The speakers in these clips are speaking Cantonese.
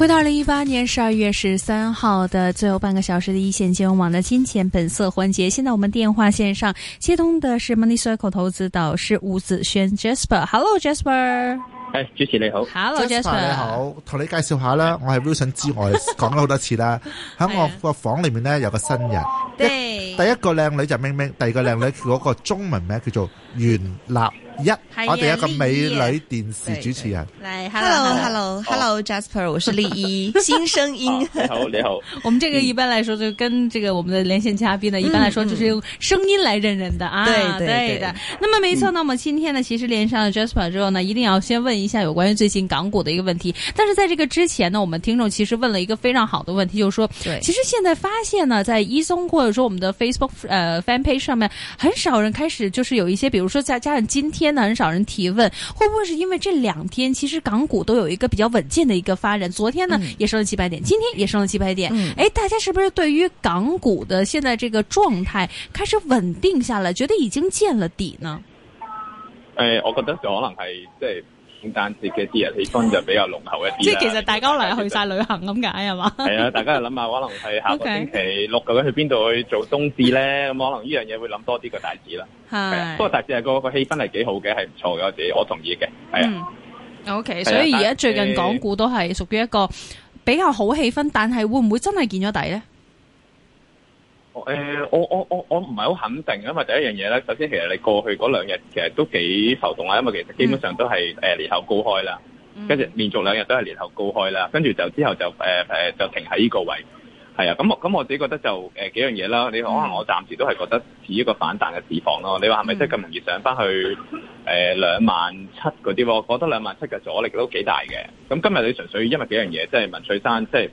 回到二零一八年十二月十三號的最後半個小時的一線金融網的金錢本色環節，現在我們電話線上接通的是 Money Circle 投資導師吳子軒 Jasper。Hello Jasper。哎，主持人你好。Hello Jasper 你好，同你介紹下啦，我係 Wilson 之外講咗好多次啦，喺我個房裏面呢，有個新人，第 第一個靚女就明明，第二個靚女嗰個中文名叫做。袁立，立，我哋一個美女電視主持人。Hello，Hello，Hello，Jasper，oh. 我是麗依。 新聲音。好，你好。我們這個一般來說，就跟這個我們的連線嘉賓呢，一般來說就是用聲音來認人的、mm, 啊。對，對的。那麼沒，沒、嗯、錯。那麼，今天呢，其實連上了 Jasper 之後呢，一定要先問一下有關於最近港股的一個問題。但是，在這個之前呢，我們聽眾其實問了一個非常好的問題，就是說，其實現在發現呢，在 e-zone 或者說我們的 Facebook，呃，Fan Page 上面，很少人開始就是有一些比。比如說，再加上今天呢，很少人提問，會不會是因為這兩天其實港股都有一個比較穩健的一個發展？昨天呢、嗯、也升了幾百點，今天也升了幾百點。哎、嗯，大家是不是對於港股的現在這個狀態開始穩定下來，覺得已經見了底呢？誒、哎，我覺得就可能係即係。聖誕節嘅節日氣氛就比較濃厚一啲，即係其實大家都可能去晒旅行咁解係嘛？係啊，大家又諗下，可能係下個星期六究竟去邊度去做冬至咧？咁可能呢樣嘢會諗多啲個大市啦。係，不過大市係個個氣氛係幾好嘅，係唔錯嘅，我哋我同意嘅。係啊，OK。所以而家最近港股都係屬於一個比較好氣氛，但係會唔會真係見咗底咧？誒、欸，我我我我唔係好肯定，因為第一樣嘢咧，首先其實你過去嗰兩日其實都幾浮動啦，因為其實基本上都係誒年後高開啦，跟住連續兩日都係年後高開啦，跟住就之後就誒誒、呃、就停喺呢個位置。係啊，咁我咁我自己覺得就、呃、幾樣嘢啦，你可能我暫時都係覺得似一個反彈嘅市況咯。你話係咪真係咁容易上翻去、呃、兩萬七嗰啲？我覺得兩萬七嘅阻力都幾大嘅。咁今日你純粹因為幾樣嘢，即係文翠山，即係誒誒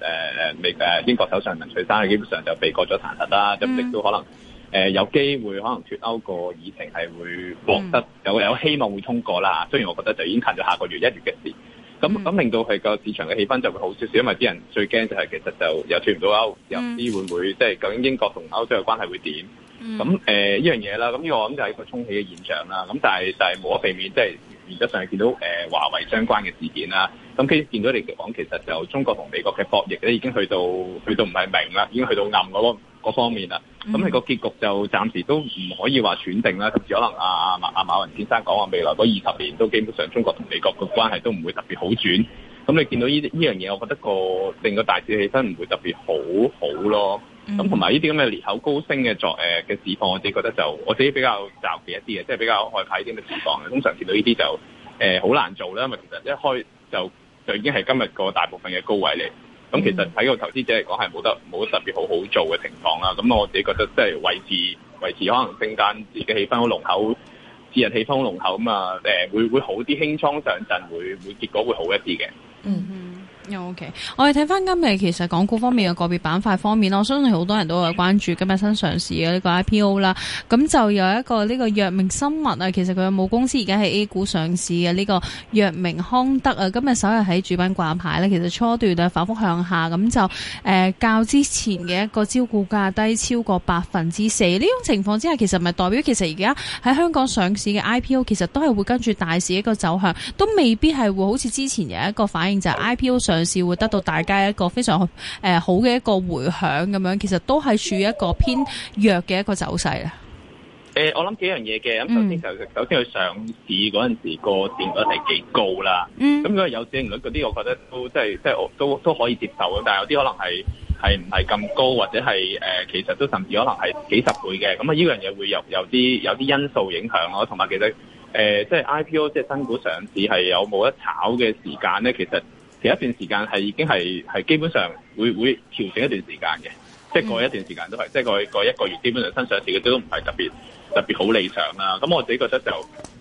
未英國首相文翠山，基本上就被過咗彈劾啦。咁、mm. 亦都可能、呃、有機會可能脱歐個議程係會獲得有、mm. 有希望會通過啦。雖然我覺得就已經近咗下個月一月嘅事。咁、mm、咁 -hmm. 令到係個市場嘅氣氛就會好少少，因為啲人最驚就係其實就又脱唔到歐，mm -hmm. 又唔知會唔會即係、就是、究竟英國同歐洲嘅關係會點。咁誒呢樣嘢啦，咁呢個我諗就係一個沖起嘅現象啦。咁但係但係無可避免，即、就、係、是、原則上係見到誒、呃、華為相關嘅事件啦。咁其實見到你嚟講，其實就中國同美國嘅博弈咧，已經去到去到唔係明啦，已經去到暗個咯。方面啦，咁你個結局就暫時都唔可以話選定啦，甚至可能阿阿馬阿馬雲先生講話、啊、未來嗰二十年都基本上中國同美國嘅關係都唔會特別好轉。咁你見到呢樣嘢，我覺得個令個大市氣氛唔會特別好好咯。咁同埋呢啲咁嘅裂口高升嘅作誒嘅市況，我自己覺得就我自己比較罩忌一啲嘅，即、就、係、是、比較害怕啲嘅情況。通常見到呢啲就好、呃、難做啦，因為其實一開就就已經係今日個大部分嘅高位嚟。咁、嗯、其實喺個投資者嚟講係冇得冇特別好好做嘅情況啦。咁我自己覺得即係維持維持，維持可能聖誕節嘅氣氛好濃厚，節日氣氛好濃厚咁啊，誒會會好啲，輕倉上陣會會結果會好一啲嘅。嗯。OK，我哋睇翻今日，其實港股方面嘅個別板塊方面咯，我相信好多人都有關注今日新上市嘅呢個 IPO 啦。咁就有一個呢個藥明生物啊，其實佢嘅母公司而家係 A 股上市嘅呢、這個藥明康德啊，今日首日喺主板掛牌呢，其實初段反覆向下，咁就誒、呃、較之前嘅一個招股價低超過百分之四呢種情況之下，其實咪代表其實而家喺香港上市嘅 IPO 其實都係會跟住大市一個走向，都未必係會好似之前有一個反應就係、是、IPO 上市。上市會得到大家一個非常好誒好嘅一個回響咁樣，其實都係處於一個偏弱嘅一個走勢啦。誒，我諗幾樣嘢嘅，咁首先就首先佢上市嗰陣時個市盈率係幾高啦。咁如果係有市盈率嗰啲，我覺得都即係即係都都可以接受嘅。但係有啲可能係係唔係咁高，或者係誒，其實都甚至可能係幾十倍嘅。咁啊，呢樣嘢會有有啲有啲因素影響咯。同埋其實誒，即係 IPO 即係新股上市係有冇得炒嘅時間咧？其實。前一段時間係已經係基本上會調整一段時間嘅、嗯，即係過一段時間都係、嗯，即係過一個月基本上新上市嘅都唔係特別、嗯、特別好理想啦、啊。咁我自己覺得就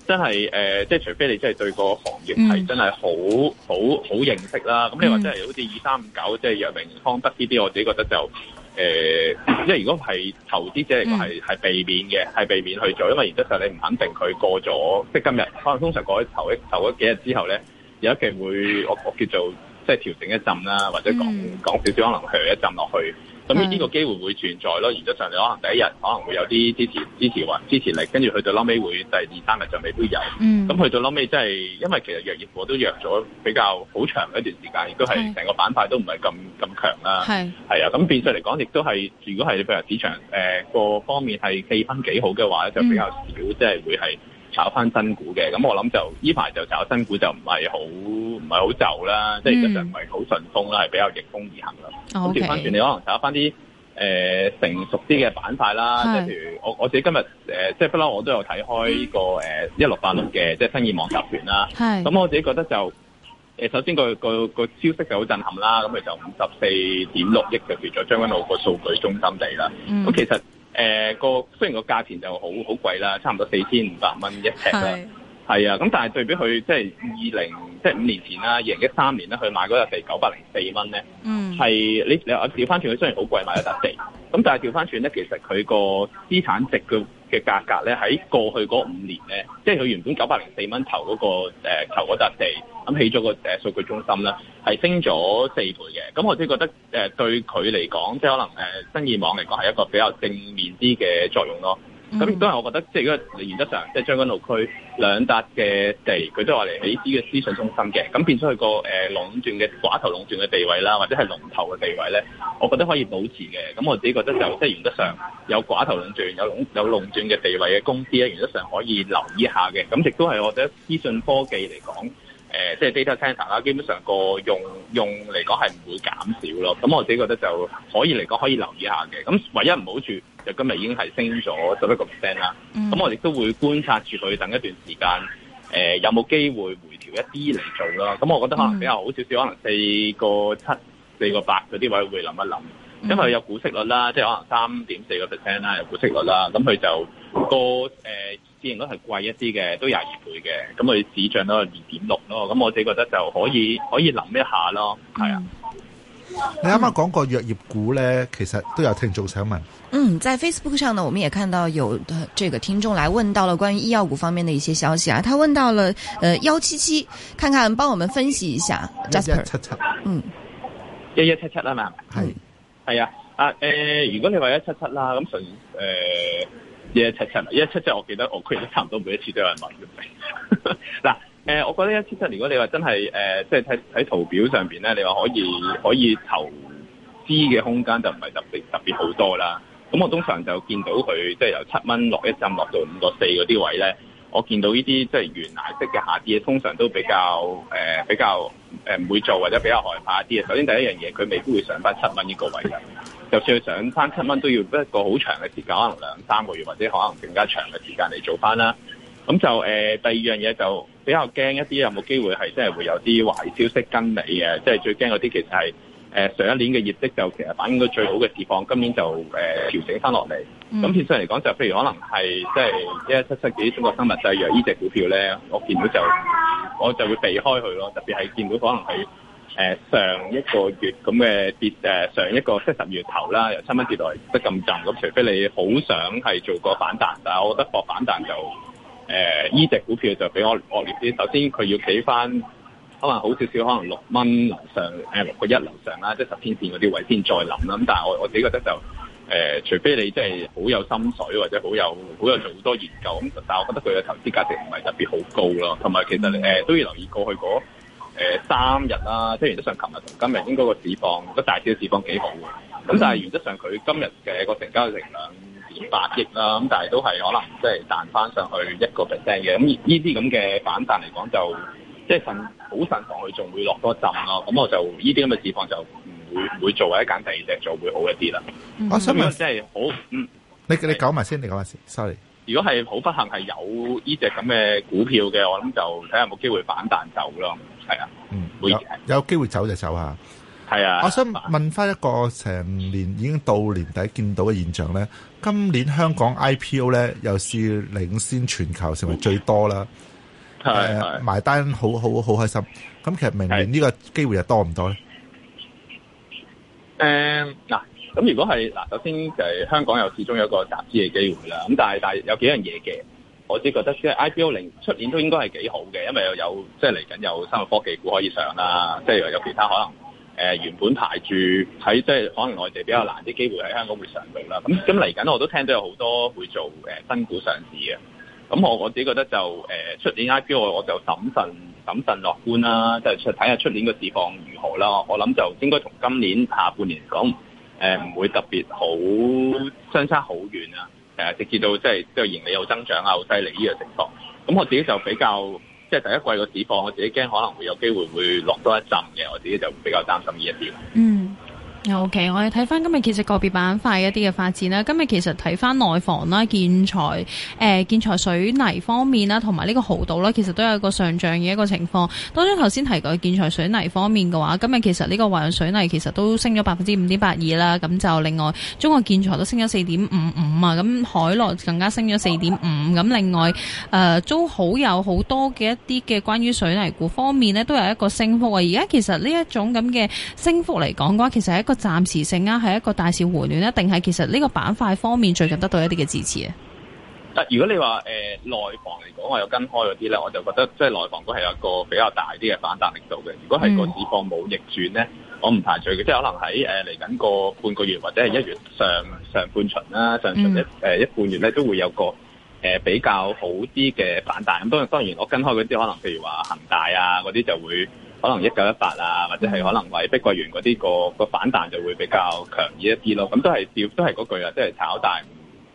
真係誒、呃，即係除非你真係對個行業係真係好、嗯、好好認識啦。咁、嗯、你話真係好似二三五九，即係藥明康德呢啲，我自己覺得就誒，即、呃、係、嗯、如果係投資者嚟講係避免嘅，係避免去做，因為原則上你唔肯定佢過咗，即係今日可能通常過咗頭頭幾日之後咧。有一期會我我叫做即係調整一陣啦，或者講、嗯、講少少可能去一陣落去。咁呢個機會會存在咯。原則上你，可能第一日可能會有啲支持支持雲支持力，跟住去到後尾會第二三日就未必有。咁、嗯、去到後尾即係因為其實藥業我都弱咗比較好長一段時間，亦都係成個板塊都唔係咁咁強啦。係係啊，咁變相嚟講亦都係，如果係譬如話市場誒個、呃、方面係氣氛幾好嘅話，就比較少、嗯、即係會係。炒翻新股嘅，咁我諗就呢排就炒新股就唔係好唔係好就啦，嗯、即係其實唔係好順風啦，係比較逆風而行啦。咁調翻轉，你可能炒翻啲、呃、成熟啲嘅板塊啦，即係譬如我我自己今日、呃、即係不嬲，我都有睇開呢個誒一六八六嘅，即係新意網集團啦。咁、嗯嗯、我自己覺得就、呃、首先個個個消息就好震撼啦，咁佢就五十四點六億就除咗將軍澳個數據中心地啦。咁、嗯、其實。誒、呃、個雖然個價錢就好好貴啦，差唔多四千五百蚊一尺啦，係啊，咁但係對比佢即係二零即係五年前啦，二零一三年咧佢買嗰笪地九百零四蚊咧，嗯，係你你話調翻轉佢雖然好貴買一笪地，咁但係調翻轉咧，其實佢個資產值，蓄嘅價格咧，喺過去嗰五年咧，即係佢原本九百零四蚊投嗰、嗰個誒投嗰笪地，咁起咗個誒數據中心啦，係升咗四倍嘅。咁我即係覺得誒對佢嚟講，即係可能誒新意網嚟講係一個比較正面啲嘅作用咯。咁、mm、亦 -hmm. 都係，我覺得即係如果原則上，即將軍澳區兩笪嘅地，佢都係嚟起啲嘅資訊中心嘅，咁變咗佢、那個誒壟斷嘅寡頭壟斷嘅地位啦，或者係龍頭嘅地位咧，我覺得可以保持嘅。咁我自己覺得就即係原則上有寡頭壟斷、有有壟斷嘅地位嘅公司咧，原則上可以留意一下嘅。咁亦都係我覺得資訊科技嚟講，即、呃、係、就是、data center 啦，基本上個用用嚟講係唔會減少咯。咁我自己覺得就可以嚟講可以留意一下嘅。咁唯一唔好處。就今日已經係升咗十一個 percent 啦，咁、mm -hmm. 我亦都會觀察住佢，等一段時間，誒、呃、有冇機會回調一啲嚟做咯。咁我覺得可能比較好少少，mm -hmm. 可能四個七、四個八嗰啲位會諗一諗，因為有股息率啦，即、就、係、是、可能三點四個 percent 啦，有股息率啦，咁佢就個誒、呃、市盈率係貴一啲嘅，都廿二倍嘅，咁佢市漲都係二點六咯。咁我自己覺得就可以可以諗一下咯，係啊。Mm -hmm. 你啱啱講過藥業股咧，其實都有聽眾想問。嗯，在 Facebook 上呢，我們也看到有的這個聽眾來問到了關於醫藥股方面的一些消息啊。他問到了，呃幺七七，看看幫我們分析一下。一一七七，嗯，一一七七啦嘛，係係啊，啊誒，如果你話一七七啦，咁純誒，一一七七，一一七七，我記得我佢都差唔多每一次都有人問嘅，嗱。誒、呃，我覺得一千七，如果你話真係誒，即係睇睇圖表上面咧，你話可以可以投資嘅空間就唔係特別特別好多啦。咁我通常就見到佢即係由七蚊落一針落到五個四嗰啲位咧，我見到呢啲即係懸崖式嘅下跌，通常都比較誒、呃、比較誒唔會做或者比較害怕啲嘅。首先第一樣嘢，佢未必會上翻七蚊呢個位，就算佢上翻七蚊，都要一個好長嘅時間，可能兩三個月或者可能更加長嘅時間嚟做翻啦。咁就誒、呃，第二樣嘢就比較驚一啲，有冇機會係真係會有啲壞消息跟你嘅？即係最驚嗰啲，其實係誒、呃、上一年嘅業績就其實反映到最好嘅市況，今年就誒、呃、調整翻落嚟。咁變相嚟講，就譬如可能係即係一七七幾中國生物製藥呢隻股票咧，我見到就我就會避開佢咯。特別係見到可能佢、呃、上一個月咁嘅跌、呃、上一個即係十月頭啦，由七蚊跌到嚟，得咁浸咁，除非你好想係做個反彈，但係我覺得搏反彈就～誒依隻股票就比較惡劣啲，首先佢要企翻可能好少少，可能六蚊樓上，誒六個一樓上啦，即係十天線嗰啲位先再諗啦。咁但係我我自己覺得就誒、呃，除非你真係好有心水或者好有好有做好多研究咁，但係我覺得佢嘅投資價值唔係特別好高咯。同埋其實誒、呃、都要留意過去嗰三日啦，即係原則上，琴日同今日應該個市況，個大市嘅市況幾好嘅。咁但係原則上，佢今日嘅個成交嘅成量。八億啦，咁但係都係可能即係彈翻上去一個 percent 嘅，咁呢啲咁嘅反彈嚟講就，就即係慎好慎防，佢仲會落多陣咯。咁我就呢啲咁嘅市況就唔會會做一間第二隻做會好一啲啦。我想問，即係好，嗯，你你講埋先，你講埋先，sorry。如果係好不幸係有呢隻咁嘅股票嘅，我諗就睇下有冇機會反彈走咯。係啊，嗯，有有機會走就走下。係啊！我想問翻一個成年已經到年底見到嘅現象咧，今年香港 IPO 咧又是領先全球，成為最多啦。係、啊呃啊、埋單好，好好好開心。咁其實明年呢個機會又多唔多咧？誒、啊，嗱，咁如果係嗱，首先就係香港又始終有一個集資嘅機會啦。咁但係但係有幾樣嘢嘅，我只覺得即係 IPO 零出年都應該係幾好嘅，因為又有即係嚟緊有生物科技股可以上啦，啊，即係又有其他可能。誒、呃、原本排住喺即係可能內地比較難啲機會喺香港會上嚟啦，咁咁嚟緊我都聽到有好多會做誒、呃、新股上市嘅，咁我我自己覺得就誒出、呃、年 I P 我我就審慎審慎樂觀啦，即係出睇下出年個市況如何啦，我諗就應該同今年下半年講誒唔會特別好相差好遠啊，誒、呃、直至到即係即係盈利有增長啊好犀利呢個情況，咁我自己就比較。即係第一季個市況，我自己驚可能會有機會會落多一陣嘅，我自己就比較擔心呢一點。嗯。OK，我哋睇翻今日其實個別板塊一啲嘅發展啦。今日其實睇翻內房啦、建材、誒、呃、建材水泥方面啦，同埋呢個濠賭啦，其實都有一個上漲嘅一個情況。當中頭先提過建材水泥方面嘅話，今日其實呢個華潤水泥其實都升咗百分之五點八二啦。咁就另外中國建材都升咗四點五五啊，咁海螺更加升咗四點五。咁另外誒都、呃、好有好多嘅一啲嘅關於水泥股方面呢，都有一個升幅啊。而家其實呢一種咁嘅升幅嚟講嘅話，其實係一個，暫時性啊，係一個大市回暖咧，定係其實呢個板塊方面最近得到一啲嘅支持啊？但如果你話誒、呃、內房嚟講，我有跟開嗰啲咧，我就覺得即係內房都係有一個比較大啲嘅反彈力度嘅。如果係個市況冇逆轉咧，我唔排除嘅，嗯、即係可能喺誒嚟緊個半個月或者係一月上上半旬啦、啊，上旬一誒一半月咧，都會有個誒、呃、比較好啲嘅反彈。咁當然當然，我跟開嗰啲可能譬如話恒大啊嗰啲就會。可能一九一八啊，或者係可能為碧桂園嗰啲個個反彈就會比較強啲一啲咯。咁都係照，都係嗰句啊，即係炒大，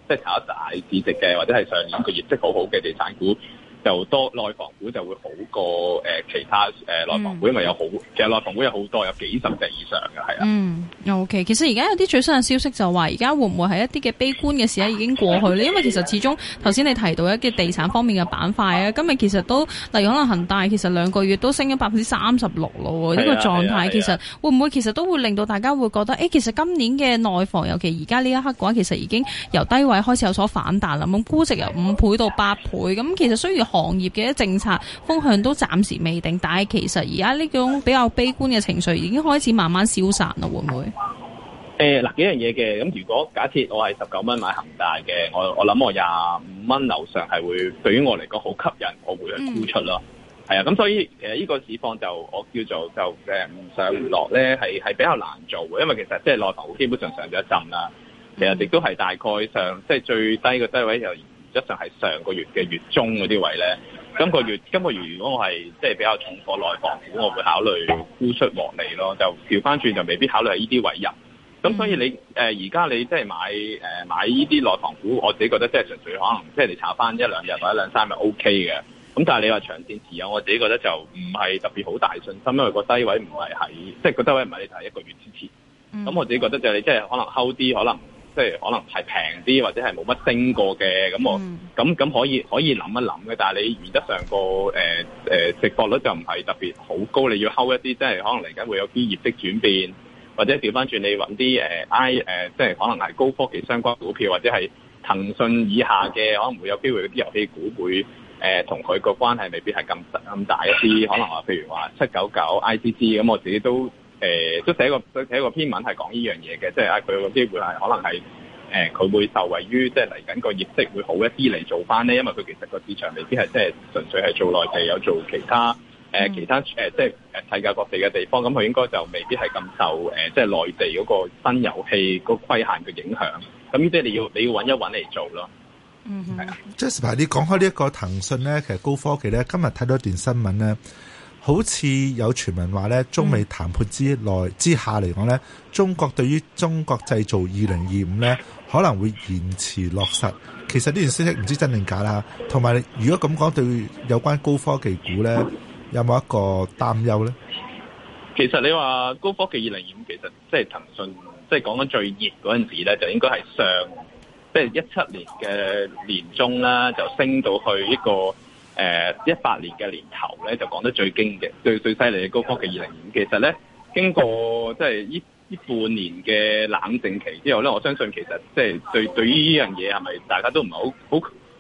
即係炒大市值嘅，或者係上年個業績好好嘅地產股。就多內房股就會好過誒其他誒內房股、嗯，因為有好其實內房股有好多，有幾十隻以上嘅係啊。嗯，OK，其實而家有啲最新嘅消息就話，而家會唔會係一啲嘅悲觀嘅事咧已經過去咧、啊？因為其實始終頭先、啊、你提到一啲地產方面嘅板塊啊，今日其實都例如可能恒大其實兩個月都升咗百分之三十六咯喎。呢個狀態其實會唔會其實都會令到大家會覺得誒、欸，其實今年嘅內房尤其而家呢一刻嘅話，其實已經由低位開始有所反彈啦。咁估值由五倍到八倍，咁、啊啊、其實雖然，行業嘅一政策風向都暫時未定，但係其實而家呢種比較悲觀嘅情緒已經開始慢慢消散啦，會唔會？誒嗱幾樣嘢嘅，咁如果假設我係十九蚊買恒大嘅，我我諗我廿五蚊樓上係會對於我嚟講好吸引，我會去沽出咯。係啊，咁所以誒呢個市況就我叫做就誒唔上唔落咧，係係比較難做嘅，因為其實即係落樓基本上上咗一陣啦，其實亦都係大概上即係最低嘅低位又。實質上係上個月嘅月中嗰啲位咧，今個月今個月如果我係即係比較重貨內房股，我會考慮沽出獲利咯。就調翻轉就未必考慮係呢啲位入。咁所以你誒而家你即係買誒、呃、買呢啲內房股，我自己覺得即係純粹可能、嗯、即係你炒翻一兩日或者兩三日 O K 嘅。咁但係你話長線持有，我自己覺得就唔係特別好大信心，因為個低位唔係喺即係個低位唔係你睇一個月之前。咁我自己覺得就係你即係可能 hold 啲可能。即係可能係平啲或者係冇乜升過嘅，咁我咁咁可以可以諗一諗嘅，但係你原則上、那個誒誒市博率就唔係特別好高，你要 hold 一啲即係可能嚟緊會有啲業績轉變，或者調翻轉你揾啲誒 I 誒即係可能係高科技相關股票或者係騰訊以下嘅可能會有機會啲遊戲股會誒同佢個關係未必係咁咁大一啲，可能話譬如話七九九、IGG 咁我自己都。誒都寫個寫個篇文係講呢樣嘢嘅，即係佢個機會係可能係誒，佢會受惠於即係嚟緊個業績會好一啲嚟做返呢，因為佢其實個市場未必係即係純粹係做內地，有做其他誒其他即係睇世各地嘅地方，咁、嗯、佢應該就未必係咁受即係內地嗰個新遊戲嗰規限嘅影響。咁即係你要你要揾一揾嚟做囉。嗯哼、嗯、Jasper，你講開呢一個騰訊呢，其實高科技呢，今日睇到一段新聞咧。好似有傳聞話咧，中美談判之內之下嚟講咧，中國對於中國製造二零二五咧可能會延遲落實。其實呢段消息唔知真定假啦。同埋，如果咁講，對有關高科技股咧有冇一個擔憂呢？其實你話高科技二零二五，其實即係、就是、騰訊，即、就、係、是、講緊最熱嗰陣時咧，就應該係上，即係一七年嘅年中啦，就升到去一個。誒一八年嘅年頭咧，就講得最經嘅、最最犀利嘅高科技。二零年。其實咧，經過即係呢半年嘅冷靜期之後咧，我相信其實即係、就是、對對於呢樣嘢係咪大家都唔係好好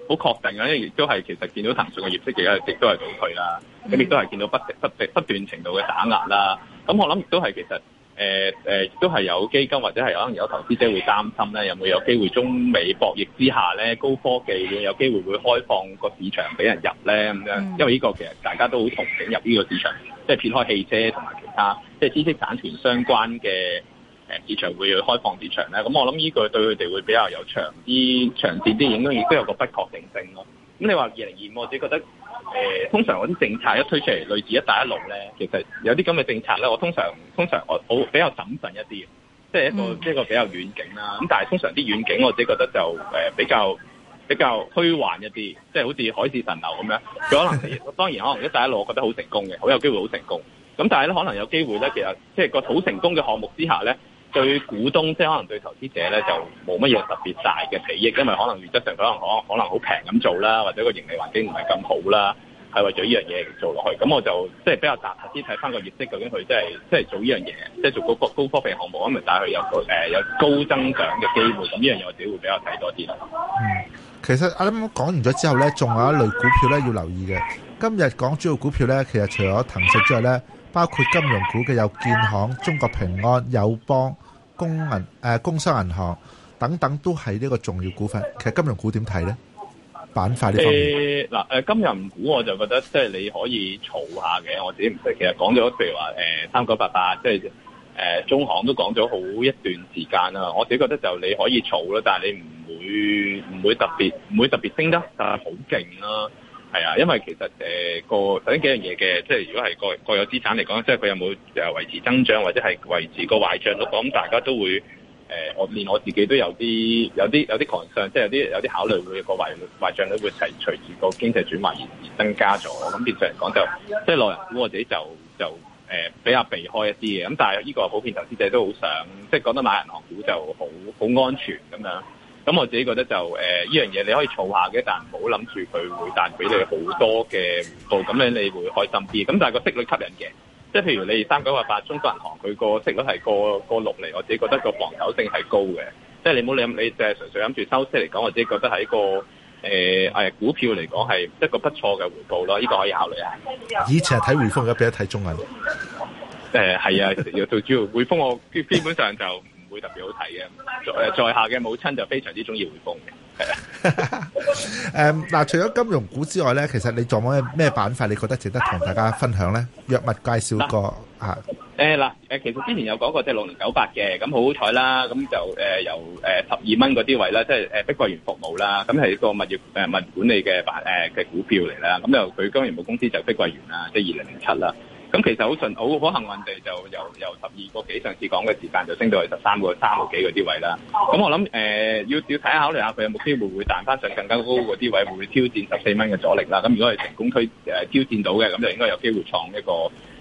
好確定嘅，因為亦都係其實見到騰訊嘅業績而家亦都係倒退啦，咁亦都係見到不不不斷程度嘅打壓啦。咁我諗亦都係其實。誒、呃、誒、呃，都係有基金或者係可能有投資者會擔心咧，有冇有，有機會中美博弈之下咧，高科技會有機會會開放個市場俾人入咧咁樣，因為呢個其實大家都好同情入呢個市場，即係撇開汽車同埋其他，即係知識產權相關嘅、呃、市場會去開放市場咧。咁我諗呢句對佢哋會比較有長啲長線啲影響，亦都有個不確定性咯。咁你話二零二五，我自己覺得，誒、呃，通常嗰啲政策一推出嚟，類似一帶一路咧，其實有啲咁嘅政策咧，我通常通常我好比較謹慎一啲，即係一個、嗯、一個比較遠景啦。咁但係通常啲遠景，我自己覺得就誒、呃、比較比較虛幻一啲，即係好似海市蜃樓咁樣。佢可能當然可能一帶一路，我覺得好成功嘅，好有機會好成功。咁但係咧，可能有機會咧，其實即係個好成功嘅項目之下咧。對股東即係可能對投資者咧就冇乜嘢特別大嘅利益，因為可能原則上可能可可能好平咁做啦，或者個盈利環境唔係咁好啦，係為咗呢樣嘢做落去。咁我就即係比較踏實啲睇翻個業績究竟佢即係即係做呢樣嘢，即係做，做高科高科技嘅項目，咁咪帶佢有誒有高增長嘅機會。咁呢樣嘢我哋會比較睇多啲啦，嗯，其實啱啱講完咗之後咧，仲有一類股票咧要留意嘅。今日講主要股票咧，其實除咗騰訊之外咧。包括金融股嘅有建行、中國平安、友邦、工銀、誒、呃、工商銀行等等，都係呢個重要股份。其實金融股點睇咧？板塊呢方面？嗱、欸，誒、呃，金融股我就覺得即係你可以儲下嘅。我自己唔識，其實講咗譬如話誒、呃，三九八八，即係誒，中行都講咗好一段時間啦。我自己覺得就你可以儲啦，但係你唔會唔會特別唔會特別升得但係好勁啦。係啊，因為其實誒個頭先幾樣嘢，嘅，即係如果係個國有資產嚟講，即係佢有冇誒維持增長，或者係維持個壞賬率，咁、嗯、大家都會誒，我、呃、連我自己都有啲有啲有啲 concern 即係有啲有啲考慮會個壞壞賬率會隨住個經濟轉化而增加咗。咁變相嚟講就，即係內銀股我自己就就誒、呃、比較避開一啲嘅。咁但係呢個普遍投資者都好想，即係覺得買銀行股就好好安全咁樣。咁我自己覺得就誒呢、呃、樣嘢你可以儲下嘅，但係唔好諗住佢會彈俾你好多嘅回報。咁你會開心啲。咁但係個息率吸引嘅，即係譬如你三九八八中國銀行，佢個息率係過六釐，我自己覺得個防守性係高嘅。即係你唔好諗，你就係純粹諗住收息嚟講，我自己覺得係一個誒、呃哎、股票嚟講係一個不錯嘅回報咯。呢、這個可以考慮下。以前係睇匯豐，而家變睇中銀。誒係啊，要做主要匯豐，我基本上就。會特別好睇嘅，在下嘅母親就非常之中意匯豐嘅。誒，嗱 ，um, 除咗金融股之外咧，其實你仲有咩咩板塊你覺得值得同大家分享咧？約物介紹過啊？誒，嗱，誒，其實之前有嗰個即係六零九八嘅，咁好好彩啦，咁就誒由誒十二蚊嗰啲位啦，即係誒碧桂園服務啦，咁係一個物業誒物管理嘅板誒嘅股票嚟啦，咁又佢金融公司就是碧桂園啦，即係二零零七啦。咁其實好順好好幸運地，就由由十二個幾上次講嘅時間，就升到去十三個三個幾嗰啲位啦。咁我諗、呃、要要睇下考慮下佢有冇機會會彈翻上更加高嗰啲位，會唔會挑戰十四蚊嘅阻力啦。咁如果係成功推挑戰到嘅，咁就應該有機會創一個、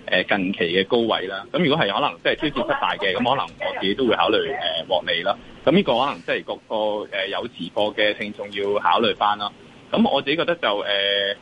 呃、近期嘅高位啦。咁如果係可能即係挑戰失敗嘅，咁可能我自己都會考慮誒、呃、獲利啦。咁呢個可能即係各個、呃、有持貨嘅聽眾要考慮翻囉。咁我自己覺得就、呃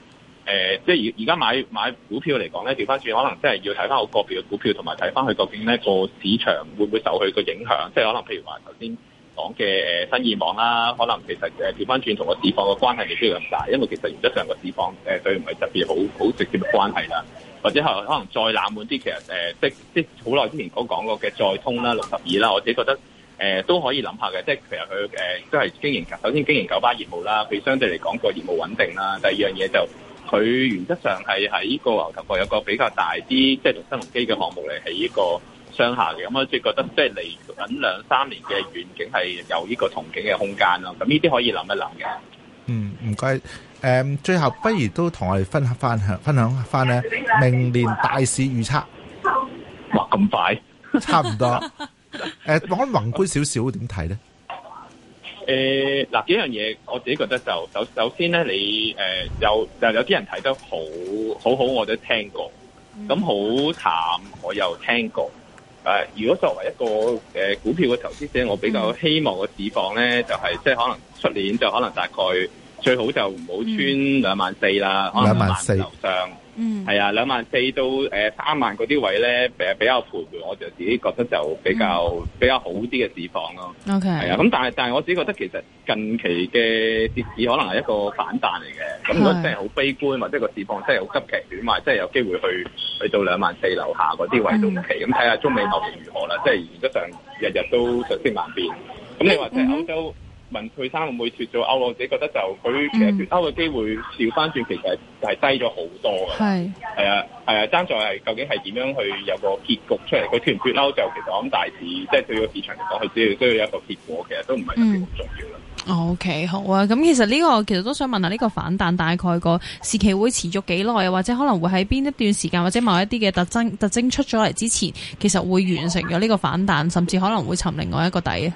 誒，即係而而家買買股票嚟講咧，調翻轉可能即係要睇翻個個別嘅股票，同埋睇翻佢究竟呢個市場會唔會受佢嘅影響。即係可能譬如話，頭先講嘅誒新意網啦，可能其實誒調翻轉同個市況嘅關係未必咁大，因為其實原則上個市況誒對唔係特別好好直接嘅關係啦。或者係可能再冷門啲，其實誒即即好耐之前所講過嘅載通啦、六十二啦，我自己覺得誒、呃、都可以諗下嘅。即係其實佢誒都係經營，首先經營九巴業務啦，佢相對嚟講個業務穩定啦。第二樣嘢就～佢原則上係喺呢個牛頭角有個比較大啲，即、就、係、是、同新龍基嘅項目嚟起。呢個商下嘅，咁我即係覺得即係嚟緊兩三年嘅遠景係有呢個憧憬嘅空間咯。咁呢啲可以諗一諗嘅。嗯，唔該。誒、嗯，最後不如都同我哋分享翻，分享翻咧明年大市預測。話咁快，差唔多。誒、 嗯，講宏觀少少點睇咧？誒、嗯、嗱幾樣嘢，我自己覺得就首首先咧，你誒有、呃、就有啲人睇得好好好，我都聽過。咁好淡我又聽過。誒、呃，如果作為一個誒、呃、股票嘅投資者，我比較希望嘅市況咧，就係、是、即係可能出年就可能大概最好就唔好穿兩萬四啦，兩萬四樓上。嗯，係啊，兩萬四到誒、呃、三萬嗰啲位咧，比較盤盤，我就自己覺得就比較、嗯、比較好啲嘅市況咯。OK，係、okay. 啊，咁但係但係我自己覺得其實近期嘅跌市可能係一個反彈嚟嘅，咁如果真係好悲觀，或者個市況真係好急劇點賣，真係有機會去去到兩萬四樓下嗰啲位都唔奇，咁、嗯、睇下中美貿易如何啦，即係原則上日日都瞬息萬變，咁、嗯、你話就歐洲。嗯嗯文佩生會唔會脱咗歐？我自己覺得就佢其實脱歐嘅機會調翻轉，其實係低咗好多嘅。係係啊係啊，爭在係究竟係點樣去有個結局出嚟？佢脱唔脱歐就其實我諗大致，即係對個市場嚟講，佢只要需要有一個結果，其實都唔係特別好重要啦、嗯。OK 好啊，咁其實呢個其實都想問下，呢個反彈大概個時期會持續幾耐啊？或者可能會喺邊一段時間，或者某一啲嘅特徵特徵出咗嚟之前，其實會完成咗呢個反彈，甚至可能會沉另外一個底啊？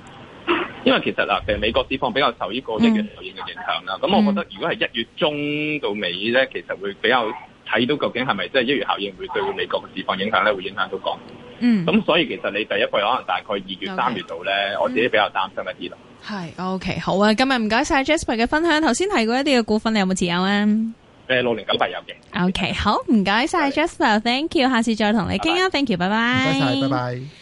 因為其實嗱，其實美國市況比較受呢個一月效應嘅影響啦。咁、嗯、我覺得如果係一月中到尾咧，其實會比較睇到究竟係咪即係一月效應會對美國嘅市況影響咧，會影響到港股。嗯。咁所以其實你第一季可能大概二月、三、okay, 月度咧，我自己比較擔心一啲啦。係、嗯。O、okay, K，好啊，今日唔該晒 Jasper 嘅分享。頭先提過一啲嘅股份，你有冇持有啊？誒、呃，六零九八有嘅。O、okay, K，好，唔該晒 Jasper，Thank you，下次再同你傾啊，Thank you，拜拜。唔該晒，拜拜。Bye bye